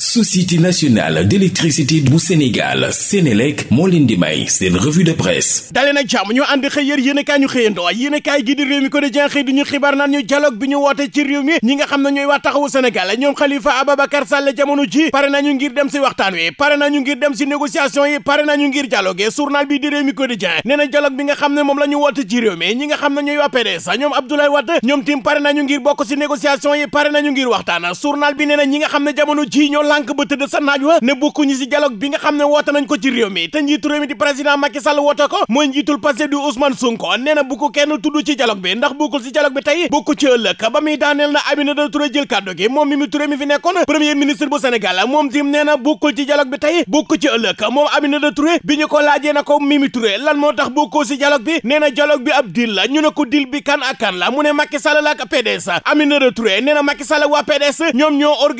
société nationale d'électricité bu Sénégal Sénélec moo leen di may seen revue de presse dalee nag jàmm ñu ànd xëy yér yéenekaay ñu xëyandoo yéenekaay gi di réew mi ko di jenxëy di ñu xibaar naan ñu bi ñu woote ci réew mi ñi nga xam ne ñooy waa taxawu Sénégal ñoom Khalifa Ababacar Sall jamono ji pare nañu ngir dem si waxtaan wi pare nañu ngir dem si négociation yi pare nañu ngir dialogue journal bi di réew mi ko di jen nee na bi nga xam ne moom la ñu woote ci réew mi ñi nga xam bokk si négociation yi pare nañu ngir waxtaan ñi nga xam ne jamono ji lànk ba tëdd sa naaj wa ne bokkuñu ci dialogue bi nga xam ne woote nañ ko ci réew mi te njiitu mi di président Macky Sall woote ko mooy njiitul Pastef di Ousmane Sonko nee na kenn tudd ci dialogue bi ndax bokkul ci dialogue bi tey bokku ci ëllëg ba muy daaneel na Aminata Touré jël kàddu gi moom Mimi Touré mi fi nekkoon premier ministre bu Sénégal moom tim nee na bokkul ci dialogue bi tey bokku ci ëllëg moom Aminata Touré bi bi ñu ko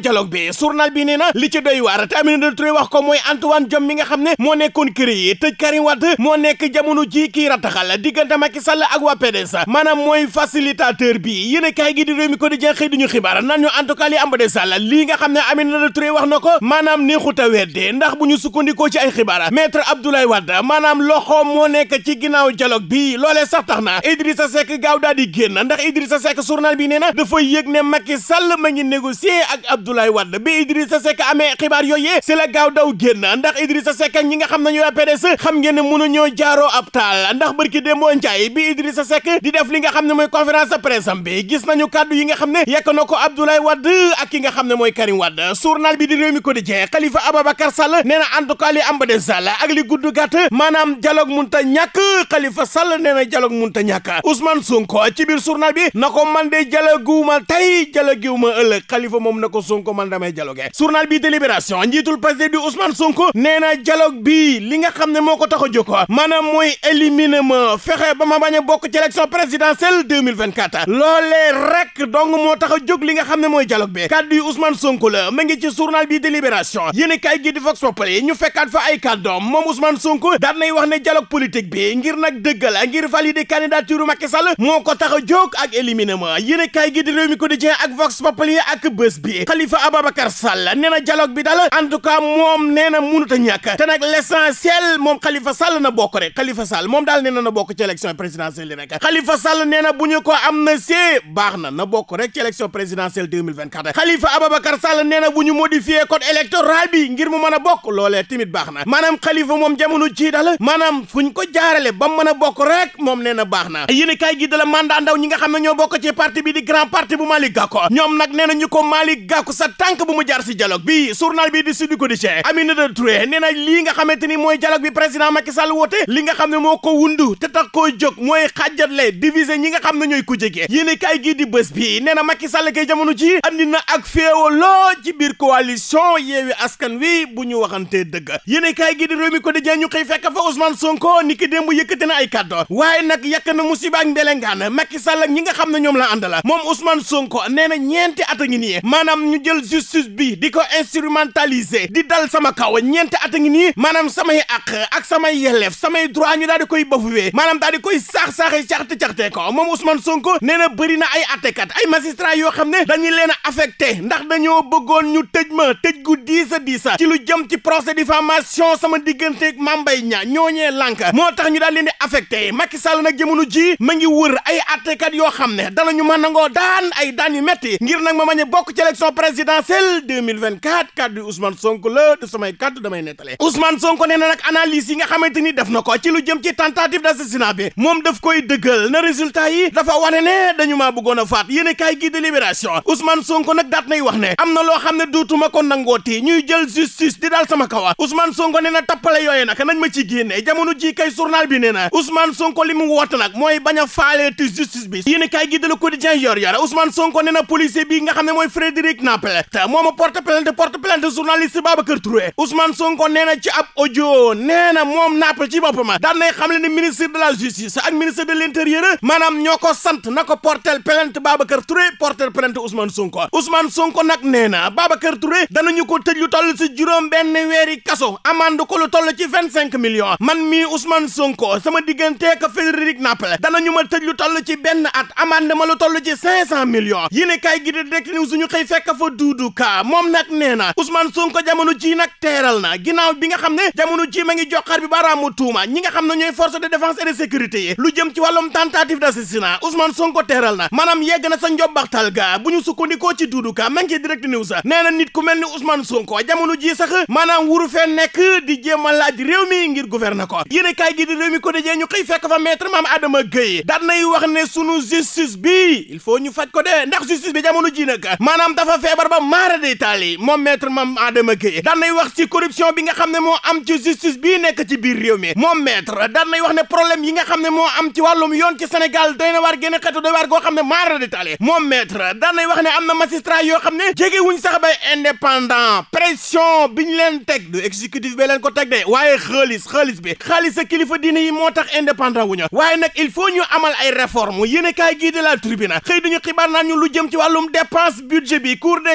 dil dialogue bi journal bi nee na li ci doy waar te Aminata Touré wax ko mooy Antoine Diome nga xam ne moo nekkoon créé tëj Karim Wade moo nekk jamono ji kii rataxal diggante Macky Sall ak waa PDS maanaam mooy facilitateur bi yéen kaay gi di réew mi ko di jeexee di ñu xibaar nan ñu en tout cas li de Sall lii nga xam ne Aminata Touré wax na ko maanaam neexut a wedde ndax bu ñu sukkandikoo ci ay xibaar maître Abdoulaye Wade maanaam loxo moo nekk ci ginnaaw dialogue bi loolee sax tax na Idrissa Seck gaaw daal di génn ndax Idrissa Seck journal bi nee na dafa yëg ne Macky ma ngi négocier ak Abdoulaye Abdoulaye Wade bi Idrissa Seck amee xibaar yooyee si la gaaw daw génn ndax Idrissa Seck ak ñi nga xam ne ñooy PDS xam ngeen ne mënuñoo jaaroo ab taal ndax barki démboo Njaay bi Idrissa Seck di def li nga xam ne mooy conférence de presse am bi gis nañu kàddu yi nga xam ne yekk na ko Abdoulaye Wade ak ki nga xam ne mooy Karim Wade journal bi di réew mi quotidien Khalifa Ababacar Sall nee na en tout cas li am ba des Sall ak li gudd gàtt maanaam dialogue munta ñàkk Khalifa Sall nee na dialogue munta ñàkk Ousmane Sonko ci biir journal bi na ko man de dialogue guuma tey dialogue guuma ëllëg Khalifa moom na ko Sonko Sonko man damay dialoguer journal bi délibération njiitul Pastef di Ousmane Sonko nee na dialogue bi li nga xam ne moo ko tax a jóg maanaam mooy éliminer ma fexe ba ma bañ a bokk ci élection présidentielle 2024 loolee rek donc moo tax a jóg li nga xam ne mooy dialogue bi kàddu yi Ousmane Sonko la ma ngi ci journal bi délibération yéen a kaay gi di Vox Populi ñu fekkaat fa ay kàddoom moom Ousmane Sonko daan nay wax ne dialogue politique bi ngir nag dëggal ngir valider candidature Macky Sall moo ko tax a jóg ak éliminer ma yéen a kaay gi di Rewmi Quotidien ak Vox Populi ak bés bi Khalifa Khalifa Ababacar Sall nee bi daal en moom nee na munut a ñàkk te nag l'essentiel moom Khalifa Sall na bokk rek Khalifa Sall moom daal nee bokk ci élection présidentielle yi rek Khalifa Sall nee na bu ñu ko am na see na na bokk rek ci élection na bu ñu modifié code électoral bi ngir mu mën a bokk loolee tamit baax na maanaam Khalifa moom jamono jii daal maanaam fu ñu ko jaarale ba mën bokk rek moom nee na baax na yéen a kaay gi da la mandat ndaw ñi nga xam ne ñoo bokk ci parti bi di grand parti bu Malick Gakou ñoom nag nee ñu ko Malick Gakou sa tànk bu mu jaar si dialogue bi journal bi di Sud Quotidien Aminata Touré nee na lii nga xamante ni mooy dialogue bi président Macky Sall woote li nga xam ne moo ko wundu te tax koo jóg mooy xàjjatle diviser ñi nga xam ne ñooy kujje gi yéen kaay gii di bés bi nee na Macky Sall kay jamono ji andi na ak féewaloo ci biir coalition Yewwi Askan Wi bu ñu waxantee dëgg yéen kaay gii di Rewmi Quotidien ñu xëy fekk fa Ousmane Sonko ni ki démb yëkkate na ay kàddu waaye nag yàkk na musiba ak mbelengaan Macky Sall ak ñi nga xam ne ñoom la ànd la moom Ousmane Sonko nee na ñeenti at jël justice bi di ko instrumentaliser di dal sama kaw ñeenti at ngi nii maanaam samay àq ak samay yelleef samay droit ñu daal di koy bafuwee maanaam daal di koy saax-saaxe caxte-caxte ko a affecté ma tëj gu diisa moo tax ñu daal leen ma ngi wër ay attekat yoo xam ne danañu mën nangoo daan ay daan yu metti ngir nag ma mañ a bokk ci élection présidentielle 2024 kàddu Ousmane Sonko la du samay kàddu damay nettale Ousmane Sonko nee na nag analyse yi nga xamante ni def na ko ci lu jëm ci tentative d'assassinat bi moom daf koy dëggal na résultat yi dafa wane ne dañu maa bëggoon a faat yéen a kaay gi de libération Ousmane Sonko nag nay wax ne am na loo xam ne duutuma ko nangooti ñuy jël justice di daal sama kawa Ousmane Sonko nee na tappale yooye nag nañ ma ci génne jamono ji kay journal bi nee na Ousmane Sonko li mu a a kaay gi plainte mooma porte plainte porte plainte journaliste Babacar Touré Ousmane Sonko nee ci ab audio nee moom nappal ci boppam daan nay xam le ni ministre de la justice ak ministre de l'intérieur maanaam ñoo ko sant na ko porter plainte Babacar Touré porter plainte Ousmane Sonko Ousmane Sonko nag nee na Babacar Touré danañu ko tëj lu toll si juróom benn weeri kaso amande ko lu toll ci vingt cinq millions man mii Ousmane Sonko sama digganteek Frédéric Napel danañu ma tëj lu toll ci benn at amande ma lu toll ci cinq cent a kaay Doudou Ka moom nag nee na Ousmane Sonko jamono ji nag teeral na ginnaaw bi nga xam ne jamono ji ma ngi joxar bi baaraamu tuuma ñi nga xam ne ñooy force de défense et de sécurité yi lu jëm ci wàllum tentative d'assassinat Ousmane Sonko teeral na maanaam yegg na sa njobbaxtal ga bu ñu sukkandikoo ci Doudou Ka ma ngi direct news nee na nit ku mel ni Ousmane Sonko jamono ji sax maanaam wuru fee nekk di jéem a laaj réew mi ngir gouverner ko yéen kaay gi di réew mi ko de ndax justice bi jamono ji Matar Ba maara day taal yi moom maître Mame Adama Gueye wax ci corruption bi nga xam ne moo am ci justice bii nekk ci biir réew mi moom maître daan nay wax ne problème yi nga xam ne moo am ci wàllum yoon ci Sénégal doy na waar génn xeetu doy goo xam ne maara day taal yi moom maître daan nay wax ne am na magistrat yoo xam ne jege wuñ sax bay indépendant pression bi ñu leen teg du exécutif bi leen ko teg de waaye xaalis xaalis bi xaalis ak kilifa diine yi moo tax indépendant wu waaye nag il faut ñu amal ay réforme yéen a kaay gii de la tribune xëy duñu xibaar naan ñu lu jëm ci wàllum dépense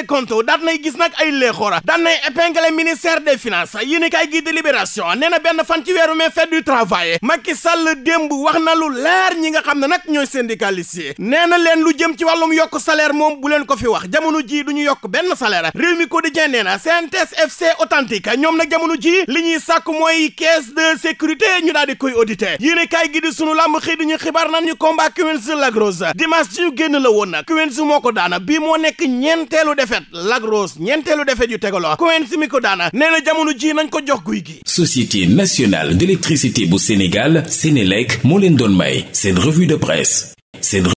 des comptes daat nay gis nag ay léexoora daan nay épinglé ministère des finances yéen kaay gi de libération nee na benn fan ci weeru mai fête du travail Macky Sall démb wax na lu leer ñi nga xam ne nag ñooy syndicalistes yi nee na leen lu jëm ci wàllum yokk salaire moom bu leen ko fi wax jamono ji du ñu yokk benn salaire réew mi quotidien nee na CNTS FC a ñoom nag jamono ji li ñuy sàkk mooy caisse de sécurité ñu daal di koy audité yéen kaay gi di sunu làmb xëy di ñu xibaar naan ñu combat Queens Lac Rose dimanche génn la woon nag Queens moo ko daana bii moo nekk ñeenteelu def defet lagros ñeenteelu defet yu tegaloo Koen Simico daana nee na jamono jii nañ ko jox guy gi Société nationale d'électricité bu Sénégal Sénélec moo leen doon may seen revue de presse seen